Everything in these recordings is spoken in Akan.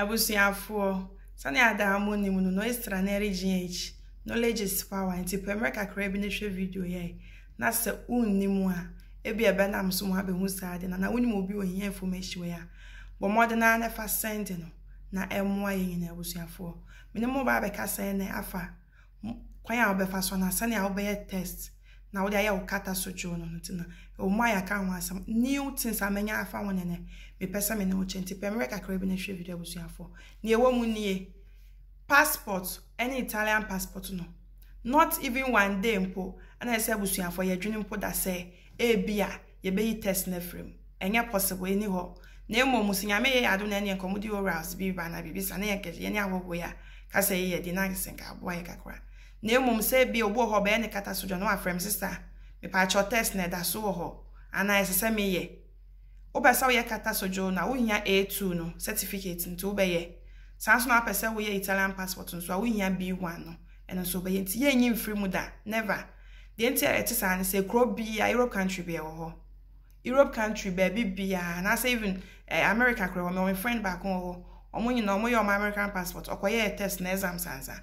abusuafoɔ sɛnea daa ni mu no no ɛsranere gh knowledge is power nti pɛmɛ mmerɛ kakra bi na hwɛ video yɛ na sɛ wonni mu a ebi ɛbɛnam so mu abɛhu saa de na na mu obi wɔ hia information wɔ a bɔ mmɔden naa na fa send no na ɛmmoa yɛn nyinaa abusuafoɔ mene mo ba abɛka sɛn na afa kwan a wɔbɛfa so na sɛnea wobɛyɛ test na wode ayɛ wo kata so dwoo no no nti no ɔma yɛ aka ho asɛm new things a mɛnya afa wo ne nɛ mepɛ sɛ me ne wo kyɛ nti pɛ mmerɛ kakra bi no hwɛ video abusuafoɔ nea ɛwɔ mu nie passport ne italian passport no not even one day mpo ɛna ɛsɛ abusuafoɔ yɛdwene mpo da sɛ ebi a yɛbɛyi test no afiri mu ɛnyɛ possible ɛni hɔ na mmom sɛ nyame yɛ ado no ɛne nkɔmmɔdi orals bi ba na biribi sa ne yɛnkɛhyɛ yɛne ahɔhoɔ a ka yɛyɛ di na sɛ aboa yɛ kakra na emom se bi obo ho be ne kata so jono afrem sister me pa cho test na da so ho ana me ye wo ye kata na wo hia A2 no certificate nti wo ye sanso na pese wo ye Italian passport nso wo hia B1 no eno so be ye nti ye nyi mfiri mu da never the entire it is an say crop bi a Europe country be ho Europe country bi a na even eh, America friend ho omo nyina omo ye omo American passport okoye test na exam sansa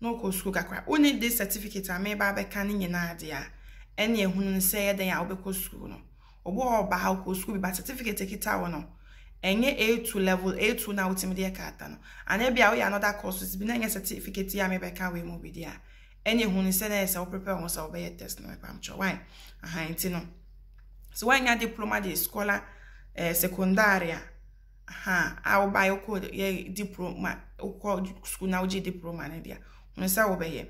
n'okɔ sukuu kakra wone de certificate a meba abɛka ne nyinaa deɛ a ɛne ɛhu no sɛ yɛ dɛn a wobɛkɔ sukuu no ɔbɔ ɔba ha wokɔ sukuu bi ba certificate kita wo no ɛnyɛ a2 level a2 na wotumi de yɛka ata no anaa bi a woyɛ another courses bi na ɛnyɛ certificate yi a mebɛka wei mu bi deɛ a ɛne ɛhu no sɛ na ɛyɛ sɛ woprepare ho sɛ wobɛyɛ test no ɛpamkyɛ wan ahan ti no sɛ woanya diploma de scholar eh, secondary a aha a woba diploma wokɔ sukuu na wogye diploma no deɛ a nsa wobɛyɛ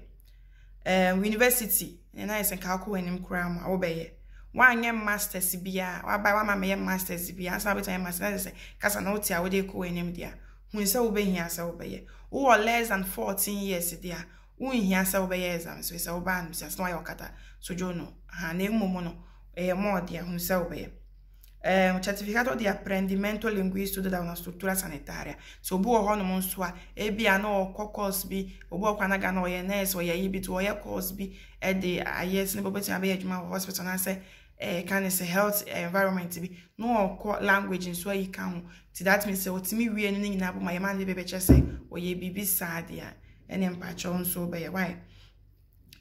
university ɛna yɛ sɛ kalko anim koraa mu a wobɛyɛ woanyɛ masters biaa waba wama meyɛ masters ansa masters na kasa na wote a wode kɔ anim deɛ a sɛ wobɛhia sɛ wobɛyɛ wowɔ less than 14 years deɛ a wonhia sɛ wobɛyɛ exam so sɛ wobaa no sɛ na wayɛ no ha na no ɛyɛ eh, un certificato di apprendimento linguistico da una struttura sanitaria so obi wɔ hɔnom nso a ebia na ɔkɔ course bi obi wɔ kwan aga na ɔyɛ nurse ɔyɛ ayi bi to ɔyɛ course bi ɛde ayɛ sini bɔ bɛtumi abɛyɛ adwuma wɔ hospital n'asɛ ɛɛ ka ne sɛ health environment bi na ɔkɔ language nso ayi ka ho ti that means sɛ ɔtumi wie nini nyinaa bɔ ma yɛ maa e ne bɛ bɛkyɛ sɛ ɔyɛ biribi saa deɛ ɛne mpakyɛw nso bɛyɛ why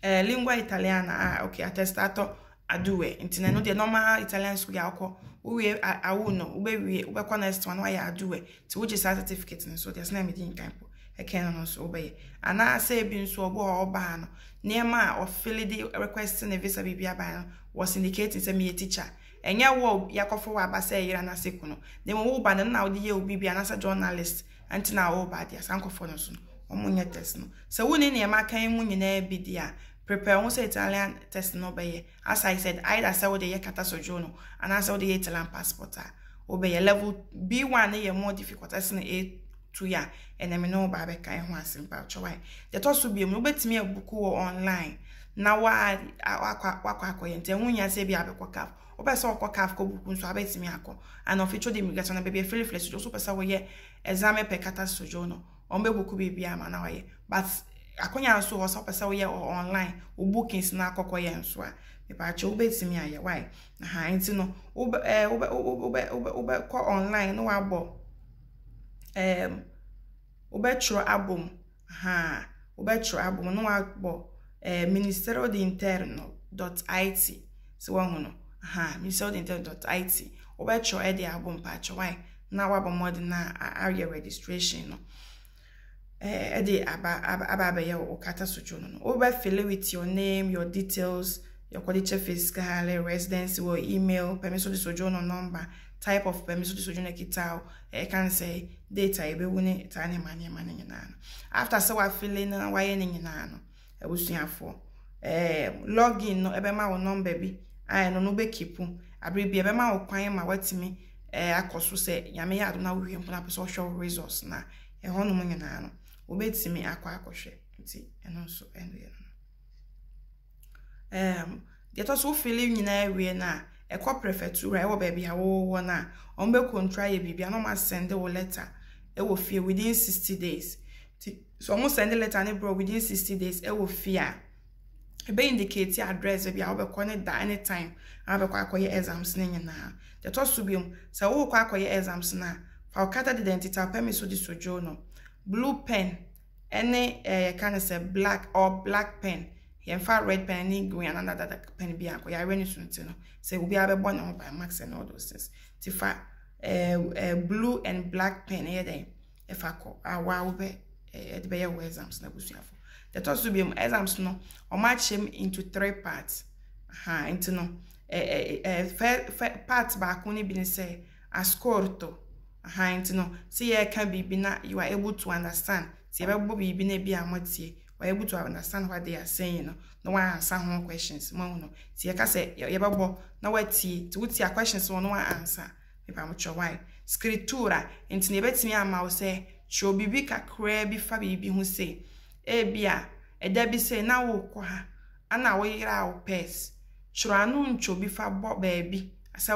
ɛɛ eh, lingua italiana a ah, okay attestato aduwe ntina no di e normal italian school yɛ akɔ uwe awuno ube wie ube next one wa ya aduwe ti which is a certificate nso there's na me din kan po nso ana nso obo o no nema o fill the visa was indicating say me teacher enye wo yakofo wa aba say yira na seku na wo na journalist anti na wo ba dia sankofo no so no ne kan prepare wọn sɛ italian test no bɛyɛ as i said either sɛ wode yɛ kata sojo no anaasɛ wode yɛ italian passport a wobɛyɛ level b one. ne yɛ more difficult ɛsene a2 a ɛnɛ me ne wo baa bɛka ɛho asɛm pa twɛwae deɛ ɛtɔ so biom no wobɛtumi abuku wɔ online na wakɔ akɔyɛ nti ɛho nya sɛ bi abɛkɔ caf wopɛ sɛ wɔkɔ caf kɔ buku nso abɛtumi akɔ ana ɔfitwo de immigration na baabi afirifiri sojo so wopɛ sɛ woyɛ exam pɛ kata sojo no ɔmbɛbuku biribiaa ma na wɔyɛ but akwanya nso hɔ sɛ wopɛ sɛ woyɛ online wo bookings na akɔkɔ yɛ nso a mepaakyɛ wobɛtumi ayɛ wae na nti no wobɛkɔ eh, online na woabɔ wobɛtwerɛ abom wobɛtwerɛ abom na eh, ministerio de interno dot it sɛ no ministerio de interno dot it wobɛtwerɛ de abom paakyɛ wae na mmɔden na ayɛ registration no Eh, ɛde aba aba abɛyɛ wɔ kata sotwo no no wobɛfile with your name your details your kɔdekyɛ fiscal residence wɔ email pɛmi so de sojourner number type of pɛmi so de sojourner kita o eh, ɛka n sɛ data ɛbɛwu ne taa ne ma nneɛma no nyinaa no after sɛ wafile no wayɛ nyinaa no abusuafoɔ eh, login no ɛbɛma bi a ɛno no wobɛkipu bi ɛbɛma ma watumi akɔ so sɛ nyame yɛ adom wowie na apɛ obetumi akɔ akɔhwɛ nti ɛno nso ɛno yɛ no um, so wofele nyinaa wie no a ɛkɔ prefectura ɛwɔ baabi a no a kontra biribi a na wɔn asɛnde letter ɛwɔ fie within 60 days nti so wɔn letter within days ɛwɔ fie a ebe address bi a wobɛkɔ ne da any time a wobɛkɔ akɔyɛ exams ne nyinaa deɛ so biom sɛ wowokɔ akɔyɛ exams no a fa wo kata de blue pen ɛne ɛyɛ eh, ka sɛ black or black pen yɛmfa red pen ne green and another pen bi akɔ yɛawerɛ ne so nti no sɛ obiara bɛbɔ ne ho by max and all those things ti fa ɛɛ eh, ɛɛ eh, blue and black pen ɛyɛ dɛ ɛfa kɔ awa wobɛ ɛɛ eh, ɛde bɛyɛ wɔ exams na busuafo ɛtɔ so bi mu exams no wɔn akyɛ mu into three parts aha nti no ɛɛ ɛɛ fɛ fɛ part baako ne bi ne sɛ ascorto. ha nọ no ya yɛreka biribi na you are able to understand sɛ yɛbɛbɔ biribi na ebi a able to understand what they are saying no no wan answer questions no na watie ti wotia questions wɔ no wan answer mepa mo kyerɛ why scriptura nti na yɛbɛtumi ama wo sɛ kyerɛ fa biribi a bi sɛ na wokɔ ha ana wo bi fa baabi asa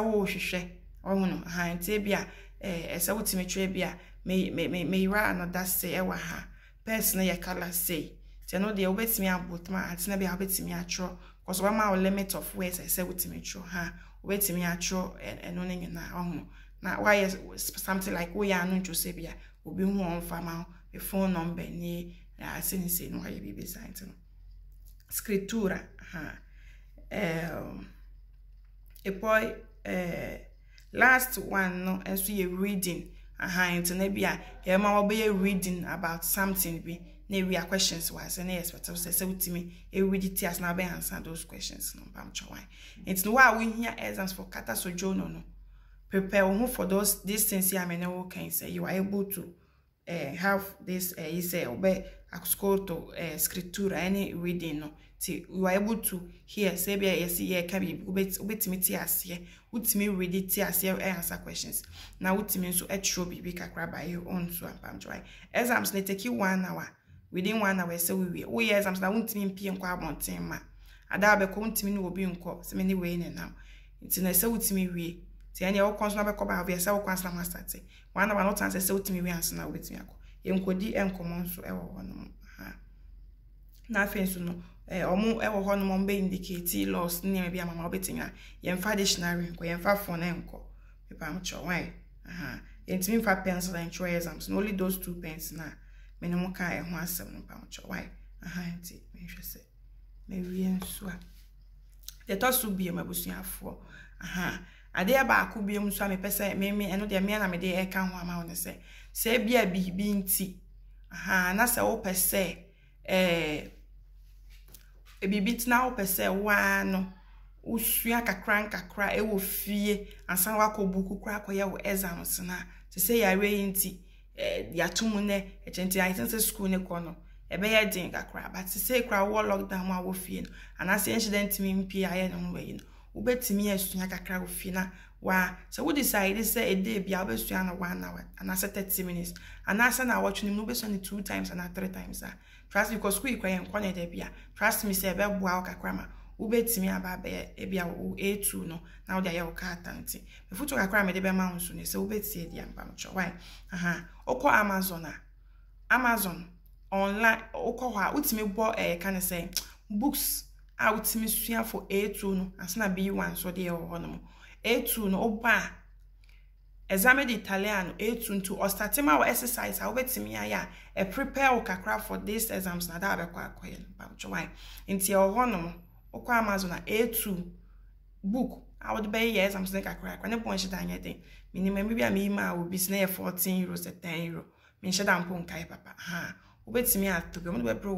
Eh, eh, sɛ wotumi twerɛ bi a meyiwa anɔda se ɛwɔ ha pɛs no yɛ kala sei nti ɛno deɛ wobɛtumi abotoma atena bi a wobɛtumi atwerɛ kɔsɔ wɔma wo limit of words ɛsɛ wotumi twerɛ ha wobɛtumi atwerɛ ɛno no nyinaa ɔhono na wayɛ something like woyɛ ano ntwosɛ bi a obi hu ɔmfa ma wo me phone number ne ase ne sei no wayɛ biribi saa nti no scrittura ha um, e poi eh, last one no nso yɛ reading ahan nti na bi a yɛma wɔbɛyɛ reading about something bi na ewia questions wɔ ase na yɛ expect sɛ sɛ wotumi ewidi ti tears na abɛn answer those questions no bam twɛ wan nti no wa a wohia exams for kata so journal no prepare wo ho for those these things yɛ amena wo kan sɛ you are able to uh, have this uh, yi sɛ wɔbɛ ascolto eh, scrittura ne reading no nti you are able to hear sɛ bi a yɛsi yɛ ka biribi wobɛtumi te aseɛ wotumi read te aseɛ answer questions na wotumi nso e, twerɛ biribi kakra by your own so ampamtwerɛ exams ne take one hour within one hour sɛ wowie woyɛ exams na wontumi mpie nkɔ abɔnten ma adaa bɛkɔ wontumi ne obi nkɔ sɛ me ne wei ne nam nti na sɛ wotumi wie nti ɛneɛ wokɔ So na bɛkɔ baabi ɛsɛ wokɔ ansana ho asate one hour na wotansɛ sɛ wotumi wie ansana wobɛtumi akɔ yɛnkɔdi eh, nkɔmmɔ nso eh, wɔ hɔnom ha na afei nso no eh, ɔmo wɔ hɔnom ɔmo bɛ indicate laws nneɛma bi ama ma wobɛtumi a yɛmfa dictionary nkɔ yɛmfa phone nkɔ mepam kyerɛ wan aha yɛntumi mfa pencil ntwerɛ exams na only those two pens na me ne mo ka ɛho asɛm no mepam kyerɛ wan aha nti mehwɛ sɛ mawie nso a deɛ ɛtɔ so biem abusuafoɔ aha adeɛ baako biem nso a mepɛ sɛ me me ɛno deɛ mmea na mede ɛka ho ama wo sɛ sɛ ebi a biribi nti aha na sɛ wopɛ sɛ ɛɛ biribi tena wopɛ sɛ waa no wosua kakra nkakra ɛwɔ fie ansan wakɔ buku kora akɔyɛ wɔ exams na te sɛ yare yi nti ɛɛ yato mu nɛ ɛkyɛn ti ayi sɛ sukuu ne kɔ no ɛbɛyɛ den kakra but te sɛ kora wɔ lockdown mu a wɔ fie no anaasɛ nhyɛ dɛ ntumi mpie ayɛ ne ho wɔ no wobɛtumi asua kakra wɔ fie na waa sɛ wo decide sɛ ɛdɛ bia wobɛsua no one hour anaasɛ 30 minutes na awɔtwe no mu wobɛsua no two times anaa three times a trust because school bia trust me sɛ ɛbɛboa wo kakra ma wobɛtumi aba a2 no na wode ayɛ wo karata nti mefoto kakra mede bɛma wo sɛ wobɛtie deɛ mpamkyɛ aha wokɔ amazon a amazon online wokɔ hɔ a wotumi bɔ eh, ne sɛ a wotumi sua bi nso A2 no oba examen de Italian A2 ostatima wa exercise a wobetimi aya e prepare wo for these exams na da abekwa akoye ba chwai nti e ho no okwa amazon na a book a wode bɛyɛ yɛ exams ne kakra akra ne pɔn a a obi na papa ha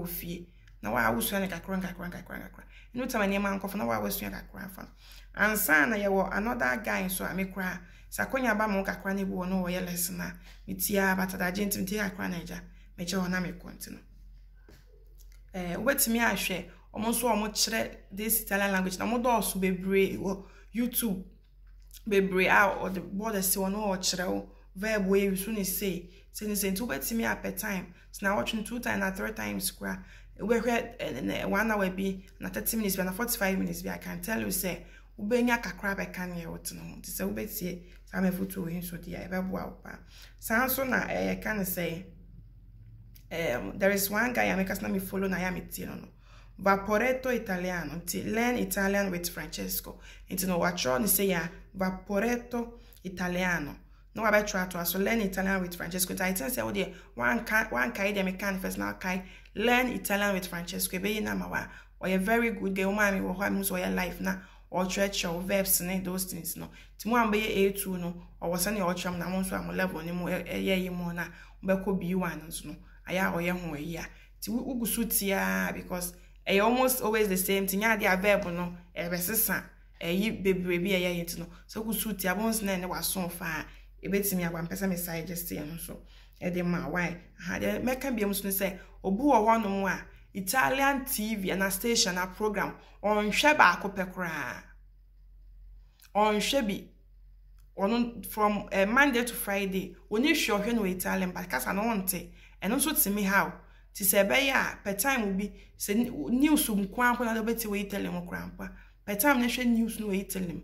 fie na wawosua no kakra nkakra nkakra nkakra ɛno tama nneɛma nkɔfo na wawosua kakra afa ansa na yɛwɔ another guy nso a me koraa sɛ akonya ba ma wo kakra no bi wɔ no wɔyɛ lesson a metia batadagye nti metia kakra no agya mekyɛ hɔ na mekɔnti no wobɛtumi ahwɛ ɔmo nso ɔmo kyerɛ this italian language na ɔmo dɔɔso bebree wɔ youtube bebree a ɔde bɔɔda si hɔ na ɔkyerɛ wo verb wɔ ewi so ne sei sɛ ne sɛ nti wobɛtumi apɛ time sɛ na wɔtwe two times na three times koraa wobɛhwɛ eh, one hour be, na 30 minutes be, na 45 minutes be. i can tell you say, sɛ wobɛnya kakra bɛka ne ɛwo tene ho nti say. wobɛtie saa mafoto yi nso deɛ ɛbɛboa wo paa saa nso na ɛyɛka eh, ne say. um, ehm, there is one guy ameka sɛ na mefollow na yɛ metie no no vaporetto italiano nti learn italian with francesco nti no watch on. sɛ yɛ a vaporetto italiano No na wabɛtoatoa so learn italian with francesco nti ayetin sɛ wodeɛ wankae deɛ meka no first na wakae learn italian with francesco ɛbɛyi no ama wa a ɔyɛ very good girl womaa me wɔ hɔ a mehu sɛ ɔyɛ life na ɔkyerɛkyerɛ wo verbs ne those things no nti mo a mbɛyɛ a2 no ɔwɔ sɛnea ɔkyerɛ m na mo nso a mo level ne mu ɛyɛ yi mu no a wobɛkɔ b1 nso no ayɛ a ɔyɛ ho ayi a nti wogu so tiaa because ɛyɛ almost always the same nti nyɛ adeɛ a verb no ɛbɛsesa ɛyi bebree bi ɛyɛ yɛ nti no sɛ wogu so tia bonsena ɛne wasom faa ebetumi agbampɛ sɛ mesa agye si ɛho so ɛde ma wae ahadeɛ mɛka biam so no sɛ obi wɔ hɔnom a italian tv ana station a program ɔnhwɛ baako pɛ koraa ɔnhwɛ bi ɔno from uh, monday to friday oni hwɛ ɔhwɛ no wɔ italian but kasa no ɔnte ɛno nso te mi ha o te sɛ ɛbɛyɛ a per time bi sɛ news nko akɔ na de ɔbɛte wɔ italian wɔ koraa mpa pɛ time na hwɛ news no wɔ italian mu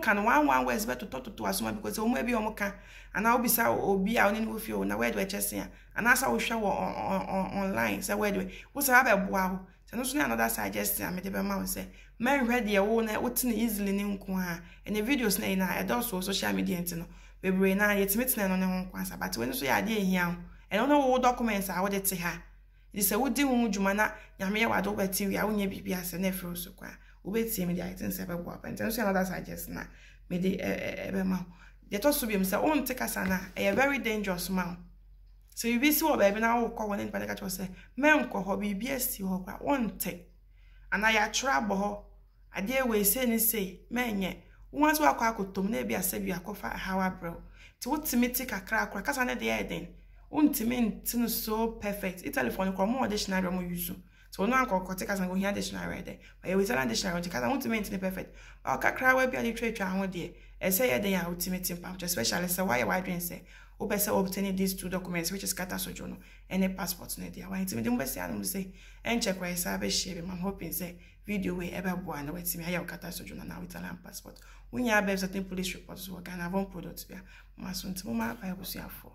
ka no wan wan wes beto to to to bi because ebi ana obisa obi a oni no fi o na where do chese ya ana sa wo hwe wo online say where do wo say ba boa wo say no so na another suggestion de na wotine easily ne ha and videos na e so social media ntino bebre na yetime tine no ne ho but so ya e de ehia ha dwuma na nyame ya wado beti wi a na e wobɛtie mede ayetem sɛ ɛbɛboa pɛnti ɛno so another suggest na mede ɛbɛma wo so biom sɛ wonte kasa no a ɛyɛ very dangerous ma wo sɛ biribi si wɔ baabi na wokɔ hɔ ne nipa no ka kyerɛ sɛ hɔ biribi asi hɔ wonte anaa yɛatwerɛ abɔ hɔ adeɛ ebi asɛ bi akɔfa nti wotumi te kakra kora kasa no deɛ so no anko ko take as go here dictionary right there but you tell dictionary take as want to maintain perfect or kakra we bia literature ho there e say yede ya ultimate impact especially say why why drink say o be say obtain these two documents which is kata sojourn and a passport na there why intimi dem be say anum say en check why say be share be hoping say video we ebe bo an we timi ayo kata sojourn na with an passport when you have certain police reports work and have one product bia maso ntimo ma bible